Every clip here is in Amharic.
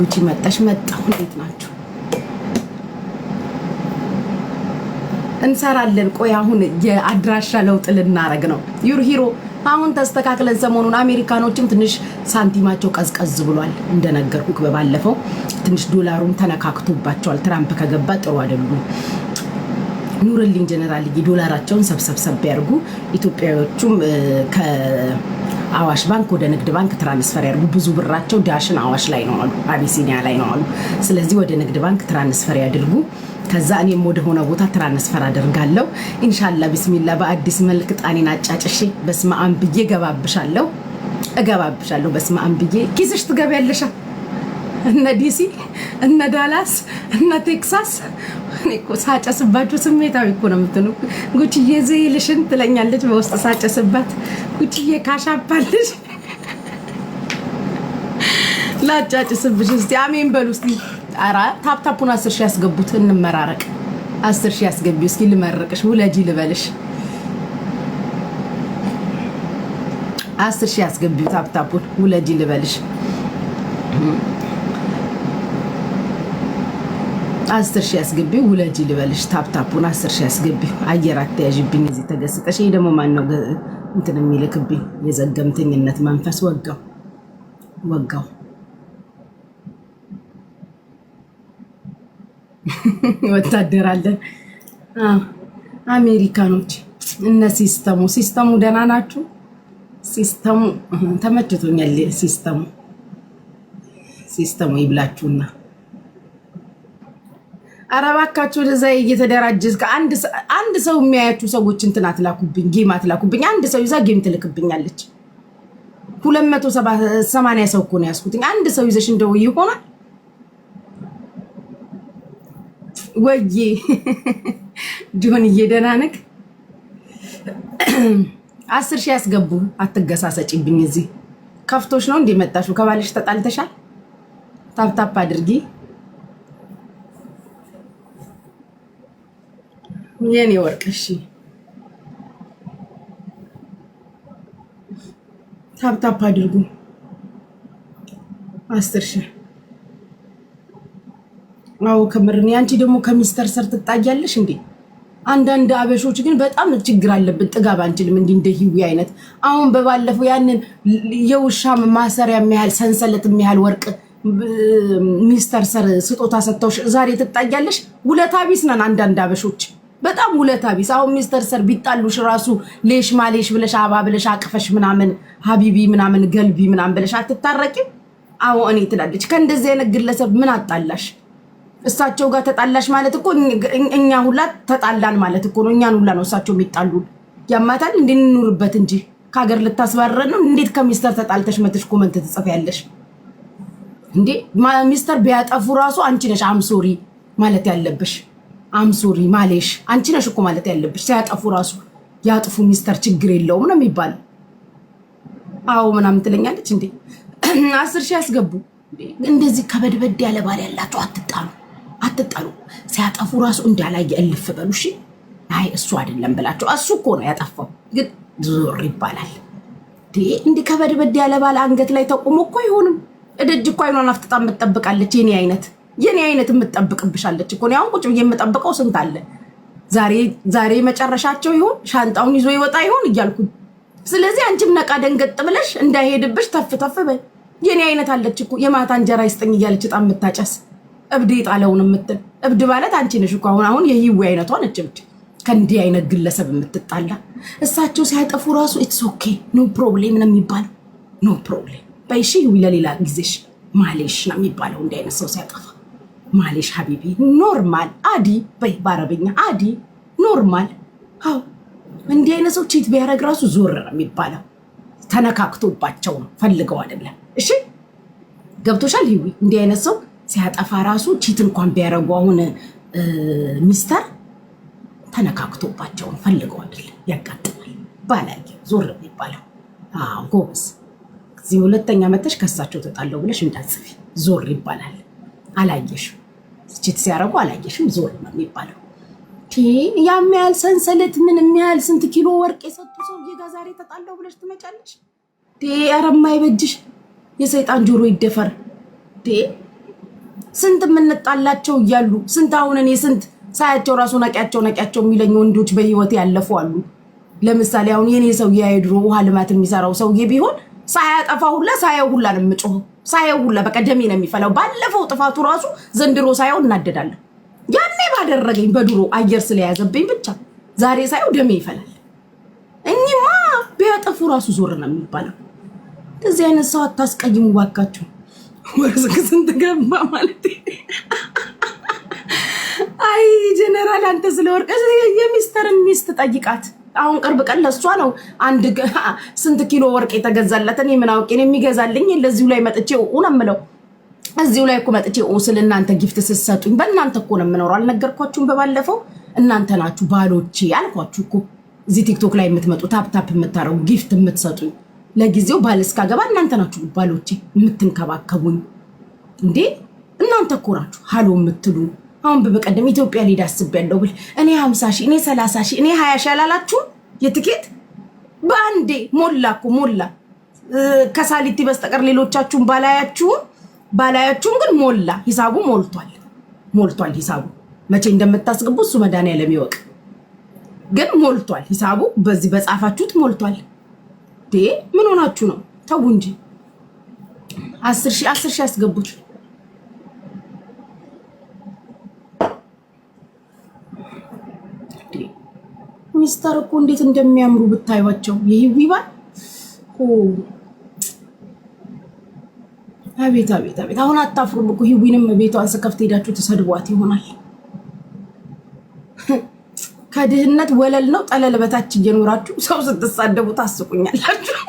ጉቺ መጣሽ። መጣሁ። እንዴት ናችሁ? እንሰራለን። ቆይ አሁን የአድራሻ ለውጥ ልናረግ ነው። ዩር ሂሮ አሁን ተስተካክለን ሰሞኑን አሜሪካኖችም ትንሽ ሳንቲማቸው ቀዝቀዝ ብሏል። እንደነገርኩክ በባለፈው ትንሽ ዶላሩም ተነካክቶባቸዋል። ትራምፕ ከገባ ጥሩ አይደሉም። ኑርልኝ ጀነራል ዶላራቸውን ሰብሰብሰብ ያርጉ። ኢትዮጵያዎቹም አዋሽ ባንክ ወደ ንግድ ባንክ ትራንስፈር ያድርጉ። ብዙ ብራቸው ዳሽን አዋሽ ላይ ነው አሉ፣ አቢሲኒያ ላይ ነው አሉ። ስለዚህ ወደ ንግድ ባንክ ትራንስፈር ያድርጉ። ከዛ እኔም ወደ ሆነ ቦታ ትራንስፈር አደርጋለሁ። ኢንሻላ ቢስሚላ፣ በአዲስ መልክ ጣኔን አጫጭሼ በስመ አብ ብዬ ገባብሻለሁ፣ እገባብሻለሁ። በስመ አብ ብዬ ኪስሽ ትገቢያለሻ። እነ ዲሲ፣ እነ ዳላስ፣ እነ ቴክሳስ እኮ ሳጨስባችሁ ስሜታዊ እኮ ነው የምትሉ። ጉቺዬ ዘይልሽን ትለኛለች በውስጥ ሳጨስባት፣ ጉቺዬ ካሻባልሽ ላጫጭስብሽ። እስቲ አሜን በሉ እስቲ። ኧረ ታፕታፑን አስር ሺህ ያስገቡት እንመራረቅ። አስር ሺህ ያስገቢው እስኪ ልመርቅሽ፣ ውለጂ ልበልሽ። አስር ሺህ ያስገቢው ታፕታፑን ውለጂ ልበልሽ። አስር ሺህ አስገቢው ውለጅ ልበልሽ። ታፕታፑን አስር ሺህ አስገቢው አየር አተያዥብኝ። እዚህ ተገስጠሽ ይህ ደግሞ ነው እንትን የሚልክብኝ? የዘገምተኝነት መንፈስ ወጋው ወጋው ወታደር አለን አሜሪካኖች እነ ሲስተሙ ሲስተሙ ደህና ናችሁ? ሲስተሙ ተመችቶኛል። ሲስተሙ ሲስተሙ ይብላችሁና ኧረ እባካችሁ እዛ እየተደራጀ አንድ ሰው የሚያያችሁ ሰዎች እንትን አትላኩብኝ፣ ጌም አትላኩብኝ። አንድ ሰው ይዛ ጌም ትልክብኛለች። ሁለት መቶ ሰማንያ ሰው እኮ ነው ያስኩት አንድ ሰው ይዘሽ እንደው ይሆናል ወይ? ጆን እየደናንቅ አስር ሺህ ያስገቡ። አትገሳሰጪብኝ። እዚህ ከፍቶች ነው እንዲመጣሹ። ከባለሽ ተጣልተሻል። ታፕታፕ አድርጊ። የኔ ወርቅ እሺ፣ ታፕታፕ አድርጉ። አስር ሺህ አዎ፣ ከምር ነው። አንቺ ደግሞ ከሚስተር ሰር ትጣያለሽ እንዴ? አንዳንድ አበሾች ግን በጣም ችግር አለብን። ጥጋብ አንችልም። እንዲህ እንደ ህዊ አይነት አሁን በባለፈው ያንን የውሻ ማሰሪያ የሚያህል ሰንሰለት የሚያህል ወርቅ ሚስተር ሰር ስጦታ ሰጥተውሽ ዛሬ ትጣያለሽ። ውለታ ቢስ ነን አንዳንድ አበሾች። በጣም ውለታ ቢስ። አሁን ሚስተር ሰር ቢጣሉሽ ራሱ ሌሽ ማሌሽ ብለሽ አባ ብለሽ አቅፈሽ ምናምን ሀቢቢ ምናምን ገልቢ ምናምን ብለሽ አትታረቂም። አዎ እኔ ትላለች። ከእንደዚህ አይነት ግለሰብ ምን አጣላሽ? እሳቸው ጋር ተጣላሽ ማለት እኮ እኛ ሁላ ተጣላን ማለት እኮ ነው። እኛን ሁላ ነው እሳቸው የሚጣሉ። ያማታል። እንድንኖርበት እንጂ ከሀገር ልታስባረ ነው። እንዴት ከሚስተር ተጣልተሽ መተሽ ኮመንት ትጽፊያለሽ? እንዴ ሚስተር ቢያጠፉ ራሱ አንቺ ነሽ አምሶሪ ማለት ያለብሽ። አምሶሪ ማሌሽ አንቺ ነሽ እኮ ማለት ያለብሽ። ሲያጠፉ ራሱ ያጥፉ ሚስተር ችግር የለውም ነው የሚባለው። አዎ ምናምን ትለኛለች እንዴ አስር ሺህ ያስገቡ። እንደዚህ ከበድበድ ያለ ባል ያላቸው አትጣሉ፣ አትጣሉ። ሲያጠፉ ራሱ እንዳላየ እልፍ በሉ። እሺ አይ እሱ አይደለም ብላቸው እሱ እኮ ነው ያጠፋው፣ ግን ዞር ይባላል። እንዲህ ከበድበድ ያለ ባል አንገት ላይ ተቆሞ እኮ አይሆንም። እደጅ እኮ አይኗን አፍጥጣ የምትጠብቃለች የኔ አይነት የኔ አይነት የምጠብቅብሻለች እኮ ነው። አሁን ቁጭ ብዬ የምጠብቀው ስንት አለ። ዛሬ መጨረሻቸው ይሁን ሻንጣውን ይዞ ይወጣ ይሁን እያልኩ ስለዚህ አንቺም ነቃ ደንገጥ ብለሽ እንዳይሄድብሽ ተፍ ተፍ በይ። የኔ አይነት አለች እኮ የማታ እንጀራ ይስጠኝ እያለች ጣም የምታጨስ እብድ የጣለውን የምትል እብድ ማለት አንቺ ነሽ እኮ አሁን አሁን የህዊ አይነቷ ነች እብድ ከእንዲህ አይነት ግለሰብ የምትጣላ እሳቸው ሲያጠፉ ራሱ ኢትስ ኦኬ ኖ ፕሮብሌም ነው የሚባለው። ኖ ፕሮብሌም በይሺ ለሌላ ጊዜሽ ማሌሽ ነው የሚባለው እንዲህ አይነት ሰው ሲያጠፋ ማሌሽ ሀቢቢ ኖርማል አዲ በይ በአረበኛ አዲ ኖርማል። አዎ እንዲህ አይነት ሰው ቺት ቢያደርግ ራሱ ዞር ነው የሚባለው። ተነካክቶባቸው ነው ፈልገው አይደለም። እሺ ገብቶሻል ህዊ እንዲህ አይነት ሰው ሲያጠፋ ራሱ ቺት እንኳን ቢያደርጉ አሁን ሚስተር ተነካክቶባቸውን ፈልገው አይደለም። ያጋጥማል። ባላየ ዞር ነው የሚባለው። ጎበዝ። እዚህ ሁለተኛ መተሽ ከሳቸው ተጣለው ብለሽ እንዳጽፊ ዞር ይባላል። አላየሽም ችት ሲያደርጉ አላየሽም? ዞር ነው የሚባለው። ያም ያህል ሰንሰለት ምን የሚያህል ስንት ኪሎ ወርቅ የሰጡ ሰውዬ ጋ ዛሬ ተጣላው ብለሽ ትመጫለሽ? ኧረ የማይበጅሽ የሰይጣን ጆሮ ይደፈር። ስንት የምንጣላቸው እያሉ ስንት አሁን እኔ ስንት ሳያቸው ራሱ ነቂያቸው ነቂያቸው የሚለኝ ወንዶች በህይወት ያለፉ አሉ። ለምሳሌ አሁን የኔ ሰውዬ የድሮ ውሃ ልማት የሚሰራው ሰውዬ ቢሆን ሳያጠፋ ሁላ ሳያው ሁላ ነው የምጮኸው ሳየው ሁላ በቃ ደሜ ነው የሚፈላው። ባለፈው ጥፋቱ ራሱ ዘንድሮ ሳየው እናደዳለሁ። ያኔ ባደረገኝ በድሮ አየር ስለያዘብኝ ብቻ ዛሬ ሳየው ደሜ ይፈላል። እኚማ ቢያጠፉ ራሱ ዞር ነው የሚባለው። እንደዚህ አይነት ሰው አታስቀይሙ ባካችሁ። ወርዝክ ስንት ገባ ማለት አይ ጀነራል አንተ ስለወርቀ የሚስተርን ሚስት ጠይቃት። አሁን ቅርብ ቀን ለእሷ ነው አንድ ስንት ኪሎ ወርቅ የተገዛለት እኔ ምን አውቄ ነው የሚገዛልኝ? ለዚሁ ላይ መጥቼ ነው የምለው። እዚሁ ላይ እኮ መጥቼ ስለ እናንተ ጊፍት ስትሰጡኝ በእናንተ እኮ ነው የምኖረው። አልነገርኳችሁም? በባለፈው እናንተ ናችሁ ባሎቼ አልኳችሁ እኮ እዚህ ቲክቶክ ላይ የምትመጡ ታፕታፕ የምታረጉ ጊፍት የምትሰጡኝ ለጊዜው ባል እስካገባ እናንተ ናችሁ ባሎቼ የምትንከባከቡኝ። እንዴ እናንተ እኮ ናችሁ ሀሎ የምትሉ አሁን በበቀደም ኢትዮጵያ ሊድ አስቤያለሁ ብል እኔ ሀምሳ ሺ እኔ ሰላሳ ሺ እኔ ሀያ ሺ አላላችሁ የትኬት በአንዴ ሞላ እኮ ሞላ። ከሳሊቲ በስተቀር ሌሎቻችሁን ባላያችሁም ባላያችሁም ግን ሞላ። ሂሳቡ ሞልቷል ሞልቷል። ሂሳቡ መቼ እንደምታስገቡ እሱ መድኃኒዓለም ይወቅ። ግን ሞልቷል ሂሳቡ በዚህ በጻፋችሁት ሞልቷል። ምን ሆናችሁ ነው? ተው እንጂ አስር ሺ አስር ሺ ያስገቡት ሚስተር እኮ እንዴት እንደሚያምሩ ብታዩቸው። የህዊ ባል አቤት አቤት አቤት! አሁን አታፍሩም እኮ ህዊንም ቤቷን ስከፍት ሄዳችሁ ተሰድቧት ይሆናል። ከድህነት ወለል ነው ጠለል በታች እየኖራችሁ ሰው ስትሳደቡ ታስቁኛላችሁ።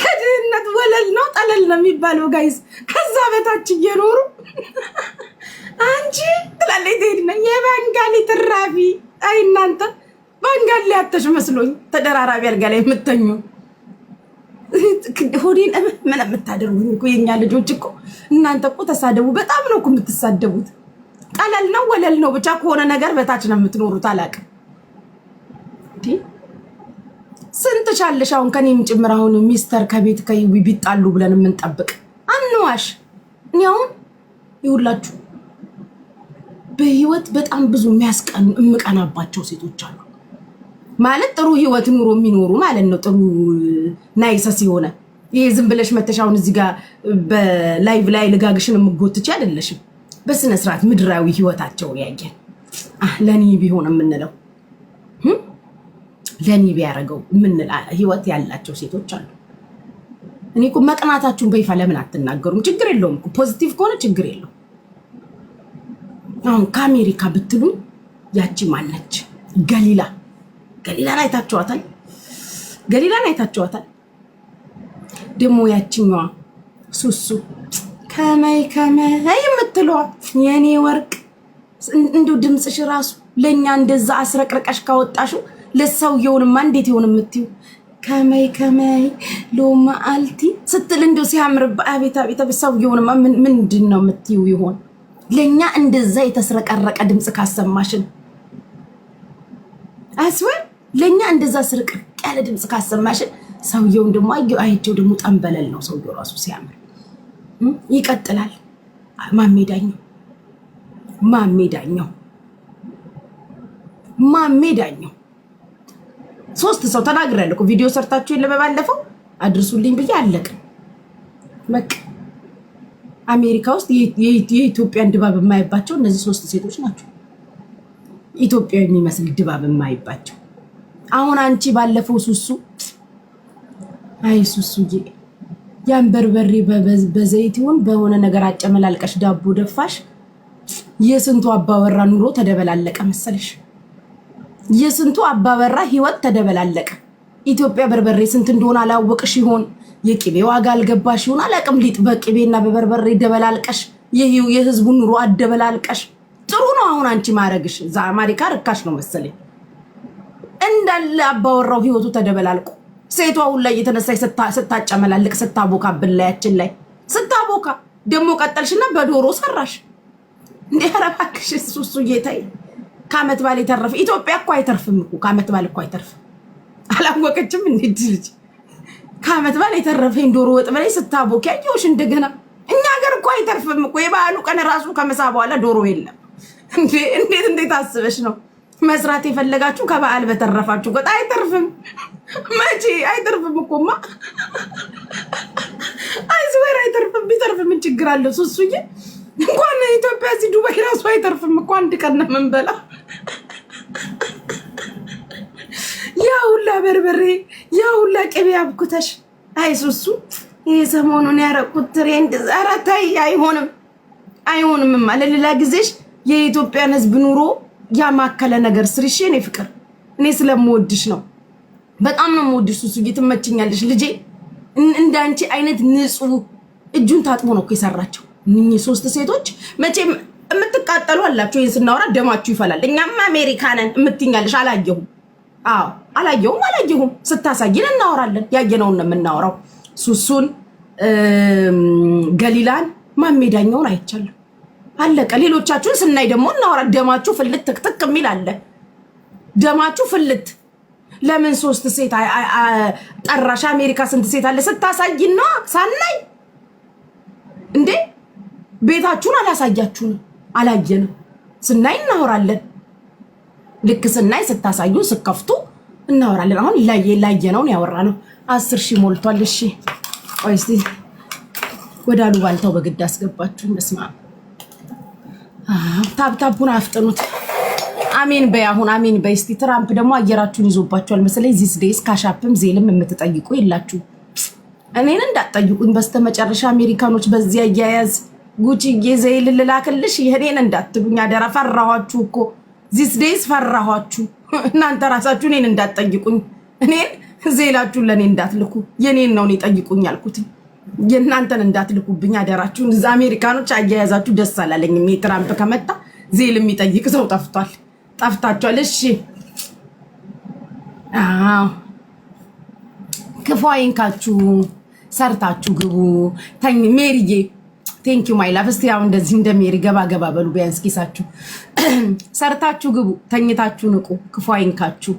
ከድህነት ወለል ነው ጠለል ነው የሚባለው ጋይዝ፣ ከዛ በታች እየኖሩ አንቺ ትላለች ትሄድና የባንጋሊ ትራፊ። አይ እናንተ ባንጋሊ አተሽ መስሎኝ ተደራራቢ አልጋ ላይ የምተኙ ሆዴን ምን የምታደርጉኝ እኮ የኛ ልጆች እኮ እናንተ እኮ ተሳደቡ። በጣም ነው እኮ የምትሳደቡት። ቀለል ነው ወለል ነው ብቻ ከሆነ ነገር በታች ነው የምትኖሩት። አላውቅም ስንት ቻለሽ አሁን ከኔም ጭምር አሁን ሚስተር ከቤት ከይዊ ቢጣሉ ብለን የምንጠብቅ አንዋሽ። እኔ አሁን ይውላችሁ በህይወት በጣም ብዙ የሚያስቀኑ የምቀናባቸው ሴቶች አሉ። ማለት ጥሩ ህይወት ኑሮ የሚኖሩ ማለት ነው። ጥሩ ናይሰስ የሆነ ይሄ ዝም ብለሽ መተሻውን እዚህ ጋር በላይቭ ላይ ልጋግሽን የምጎትች አይደለሽም። በስነ ስርዓት ምድራዊ ህይወታቸውን ያየን ለኔ ቢሆን የምንለው ለኔ ቢያደርገው የምንል ህይወት ያላቸው ሴቶች አሉ። እኔ እኮ መቅናታችሁን በይፋ ለምን አትናገሩም? ችግር የለውም። ፖዚቲቭ ከሆነ ችግር የለውም። አሁን ከአሜሪካ ብትሉ ያቺ ማነች ገሊላ ገሊላን አይታችኋታል? ገሊላን አይታችኋታል? ደግሞ ያችኛዋ ሱሱ ከመይ ከመይ የምትለዋ የኔ ወርቅ እንዲሁ ድምፅሽ ራሱ ለእኛ እንደዛ አስረቅርቀሽ ካወጣሽው ለሰውየውንማ እንዴት ይሆን የምትዩ ከመይ ከመይ ሎማ አልቲ ስትል እንዲሁ ሲያምርባ አቤት አቤት ሰውየውንማ ምንድን ነው የምትዩ ይሆን? ለእኛ እንደዛ የተስረቀረቀ ድምፅ ካሰማሽን አስወ ለእኛ እንደዛ ስርቅርቅ ያለ ድምፅ ካሰማሽን ሰውየውን ደግሞ አይቸው ደግሞ ጠንበለል ነው ሰውየው ራሱ ሲያምር ይቀጥላል። ማሜ ዳኘው ማሜ ዳኘው ማሜ ዳኘው ሶስት ሰው ተናግሬያለሁ ቪዲዮ ሰርታችሁ የለ በባለፈው አድርሱልኝ ብዬ አለቅን በቃ አሜሪካ ውስጥ የኢትዮጵያን ድባብ የማይባቸው እነዚህ ሶስት ሴቶች ናቸው። ኢትዮጵያ የሚመስል ድባብ የማይባቸው አሁን አንቺ ባለፈው ሱሱ አይ ሱሱ ያን በርበሬ በዘይት ይሁን በሆነ ነገር አጨመላልቀሽ ዳቦ ደፋሽ። የስንቱ አባወራ ኑሮ ተደበላለቀ መሰለሽ? የስንቱ አባወራ ህይወት ተደበላለቀ። ኢትዮጵያ በርበሬ ስንት እንደሆነ አላወቅሽ ይሆን? የቅቤ ዋጋ አልገባሽ ይሆን አላቅም። ሊጥ በቅቤና በበርበሬ ደበላልቀሽ የህዝቡን ኑሮ አደበላልቀሽ ጥሩ ነው። አሁን አንቺ ማድረግሽ እዛ አሜሪካ ርካሽ ነው መሰለኝ። እንዳለ አባወራው ህይወቱ ተደበላልቆ ሴቷ አሁን ላይ እየተነሳች ስታጨመላልቅ ስታቦካ ብላያችን ላይ ስታቦካ ደግሞ ቀጠልሽና በዶሮ ሰራሽ። እንደ ረባክሽ ሱሱ እሱ ከአመት ባል የተረፈ ኢትዮጵያ እኮ አይተርፍም ከአመት ባል እኮ አይተርፍም። አላወቀችም እንዲድ ልጅ ከአመት በላይ የተረፈኝ ዶሮ ወጥ በላይ ስታቦኪ አየሁሽ። እንደገና እኛ ሀገር እኮ አይተርፍም እኮ የበዓሉ ቀን ራሱ ከመሳ በኋላ ዶሮ የለም። እንዴት እንዴት አስበሽ ነው መስራት የፈለጋችሁ? ከበዓል በተረፋችሁ ወጥ አይተርፍም። መቼ አይተርፍም እኮማ አይስወር አይተርፍም። ቢተርፍ ምን ችግር አለው? ሱሱዬ እንኳን ኢትዮጵያ እዚህ ዱባይ ራሱ አይተርፍም እኮ አንድ ቀን ነው የምንበላ ያ ሁላ በርበሬ ያው ሁላ ቅቤ አብኩተሽ አይሱሱ ይህ ሰሞኑን ያረቁት ትሬንድ ኧረ ተይ፣ አይሆንም ለሌላ ጊዜሽ የኢትዮጵያን ህዝብ ኑሮ ያማከለ ነገር ስርሽ። እኔ ፍቅር እኔ ስለምወድሽ ነው፣ በጣም ነው የምወድሽ። ትመችኛለሽ ልጄ። እንዳንቺ አይነት ንጹሕ እጁን ታጥቦ ነው እኮ የሰራቸው እኚህ ሶስት ሴቶች። መቼም የምትቃጠሉ አላቸው። ይህን ስናወራ ደማችሁ ይፈላል። አሜሪካ የምትኛለሽ አላየሁም። አዎ አላየውም አላየሁም። ስታሳይን እናወራለን። ያየነውን ነው የምናወራው። ሱሱን፣ ገሊላን፣ ማሜዳኛውን አይቻለሁ። አለቀ። ሌሎቻችሁን ስናይ ደግሞ እናወራ። ደማችሁ ፍልት ትክትክ የሚል አለ። ደማችሁ ፍልት ለምን ሶስት ሴት ጠራሽ? አሜሪካ ስንት ሴት አለ? ስታሳይና ሳናይ እንዴ ቤታችሁን አላሳያችሁን? አላየንም። ስናይ እናወራለን። ልክ ስናይ ስታሳዩ ስከፍቱ እናወራለን። አሁን ነውን ያወራ ነው። አስር ሺህ ሞልቷል። እሺ ቆይ እስኪ ወደ አሉባልታው በግድ አስገባችሁኝ። በስመ አብ ታብታቡን አፍጥኑት። አሜን በይ አሁን አሜን በይ እስኪ። ትራምፕ ደግሞ አየራችሁን ይዞባችኋል መሰለኝ። ዚስ ዴይስ ካሻፕም ዜልም የምትጠይቁ የላችሁ እኔን እንዳትጠይቁኝ። በስተመጨረሻ አሜሪካኖች በዚህ አያያዝ ጉቺዬ ዜል ልላክልሽ ይህኔን እንዳትሉኝ አደራ። ፈራኋችሁ እኮ ዚስ ዴይዝ ፈራኋችሁ። እናንተ ራሳችሁ እኔን እንዳትጠይቁኝ፣ እኔን ዜላችሁን ለእኔ እንዳትልኩ፣ የኔን ነው እኔ ጠይቁኝ ያልኩትኝ። የእናንተን እንዳትልኩብኝ አደራችሁን። እዛ አሜሪካኖች አያያዛችሁ ደስ አላለኝም። የትራምፕ ከመጣ ዜል የሚጠይቅ ሰው ጠፍቷል፣ ጠፍታችኋል። እሺ ክፉ አይንካችሁ፣ ሰርታችሁ ግቡ። ተኝ ሜሪዬ ቴንክ ማይ ላቭ። እስቲ አሁን እንደዚህ እንደሜሪ ገባ ገባ በሉ ቢያንስ ኪሳችሁ። ሰርታችሁ ግቡ፣ ተኝታችሁ ንቁ። ክፉ አይንካችሁ፣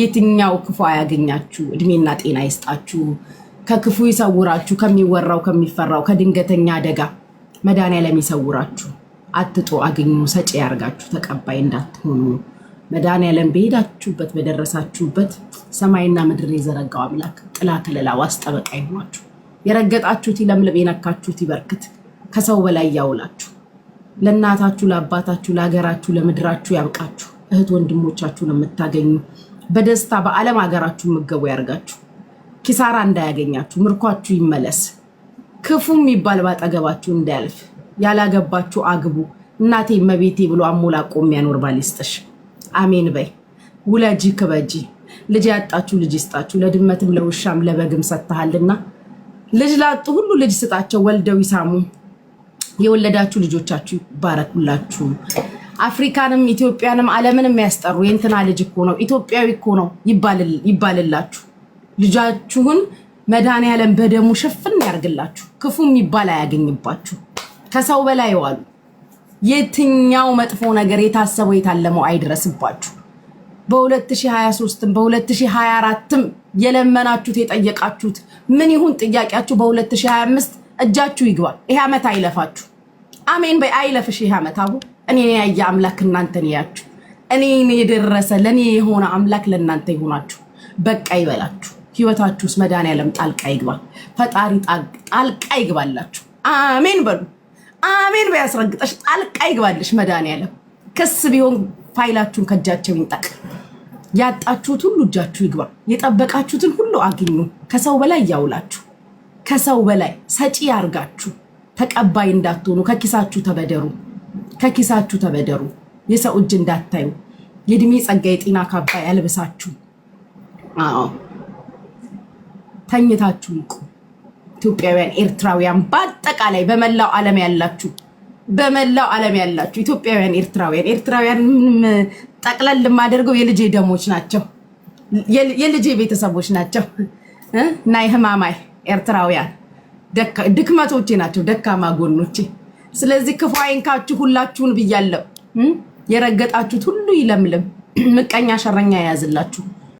የትኛው ክፉ አያገኛችሁ። እድሜና ጤና ይስጣችሁ፣ ከክፉ ይሰውራችሁ፣ ከሚወራው ከሚፈራው ከድንገተኛ አደጋ መድኃኒዓለም ይሰውራችሁ። አትጦ አግኙ፣ ሰጪ ያርጋችሁ፣ ተቀባይ እንዳትሆኑ መድኃኒዓለም በሄዳችሁበት በደረሳችሁበት ሰማይና ምድር የዘረጋው አምላክ ጥላ ከለላ ዋስጠበቃ ይሆናችሁ። የረገጣችሁት ይለምልም፣ የነካችሁት ይበርክት። ከሰው በላይ ያውላችሁ። ለእናታችሁ፣ ለአባታችሁ፣ ለሀገራችሁ፣ ለምድራችሁ ያብቃችሁ። እህት ወንድሞቻችሁን የምታገኙ በደስታ በዓለም ሀገራችሁ መገቡ ያርጋችሁ። ኪሳራ እንዳያገኛችሁ፣ ምርኳችሁ ይመለስ። ክፉ የሚባል ባጠገባችሁ እንዳያልፍ። ያላገባችሁ አግቡ። እናቴ መቤቴ ብሎ አሞላቆ የሚያኖር ባል ይስጥሽ። አሜን በይ። ውለጂ ክበጂ። ልጅ ያጣችሁ ልጅ ይስጣችሁ። ለድመትም ለውሻም ለበግም ሰጥተሃልና ልጅ ላጡ ሁሉ ልጅ ስጣቸው፣ ወልደው ይሳሙ። የወለዳችሁ ልጆቻችሁ ይባረኩላችሁ። አፍሪካንም ኢትዮጵያንም ዓለምንም የሚያስጠሩ የእንትና ልጅ እኮ ነው ኢትዮጵያዊ እኮ ነው ይባልላችሁ። ልጃችሁን መድኃኔዓለም በደሙ ሽፍን ያርግላችሁ። ክፉ የሚባል አያገኝባችሁ። ከሰው በላይ ዋሉ። የትኛው መጥፎ ነገር የታሰበው የታለመው አይድረስባችሁ። በ2023ም በ2024ም የለመናችሁት የጠየቃችሁት ምን ይሁን ጥያቄያችሁ በ2025 እጃችሁ ይግባል። ይሄ ዓመት አይለፋችሁ። አሜን በይ። አይለፍሽ ይሄ ዓመት አቡ እኔ ያየ አምላክ እናንተን ያያችሁ። እኔን የደረሰ ለእኔ የሆነ አምላክ ለእናንተ ይሆናችሁ። በቃ ይበላችሁ። ህይወታችሁ ውስጥ መድኃኒዓለም ጣልቃ ይግባ። ፈጣሪ ጣልቃ ይግባላችሁ። አሜን በሉ። አሜን በይ። አስረግጠሽ ጣልቃ ይግባልሽ መድኃኒዓለም። ክስ ቢሆን ፋይላችሁን ከእጃቸው ይንጠቅ። ያጣችሁት ሁሉ እጃችሁ ይግባ። የጠበቃችሁትን ሁሉ አግኙ። ከሰው በላይ እያውላችሁ ከሰው በላይ ሰጪ ያርጋችሁ። ተቀባይ እንዳትሆኑ ከኪሳችሁ ተበደሩ፣ ከኪሳችሁ ተበደሩ። የሰው እጅ እንዳታዩ የእድሜ ጸጋ የጤና ካባ ያልብሳችሁ። አዎ ተኝታችሁ ንቁ። ኢትዮጵያውያን፣ ኤርትራውያን በአጠቃላይ በመላው ዓለም ያላችሁ በመላው ዓለም ያላችሁ ኢትዮጵያውያን፣ ኤርትራውያን ኤርትራውያን ምንም ጠቅለል የማደርገው የልጄ ደሞች ናቸው፣ የልጄ ቤተሰቦች ናቸው እና ይህማማይ ኤርትራውያን ድክመቶቼ ናቸው፣ ደካማ ጎኖቼ። ስለዚህ ክፉ አይንካችሁ፣ ሁላችሁን ብያለሁ። የረገጣችሁት ሁሉ ይለምልም፣ ምቀኛ ሸረኛ የያዝላችሁ።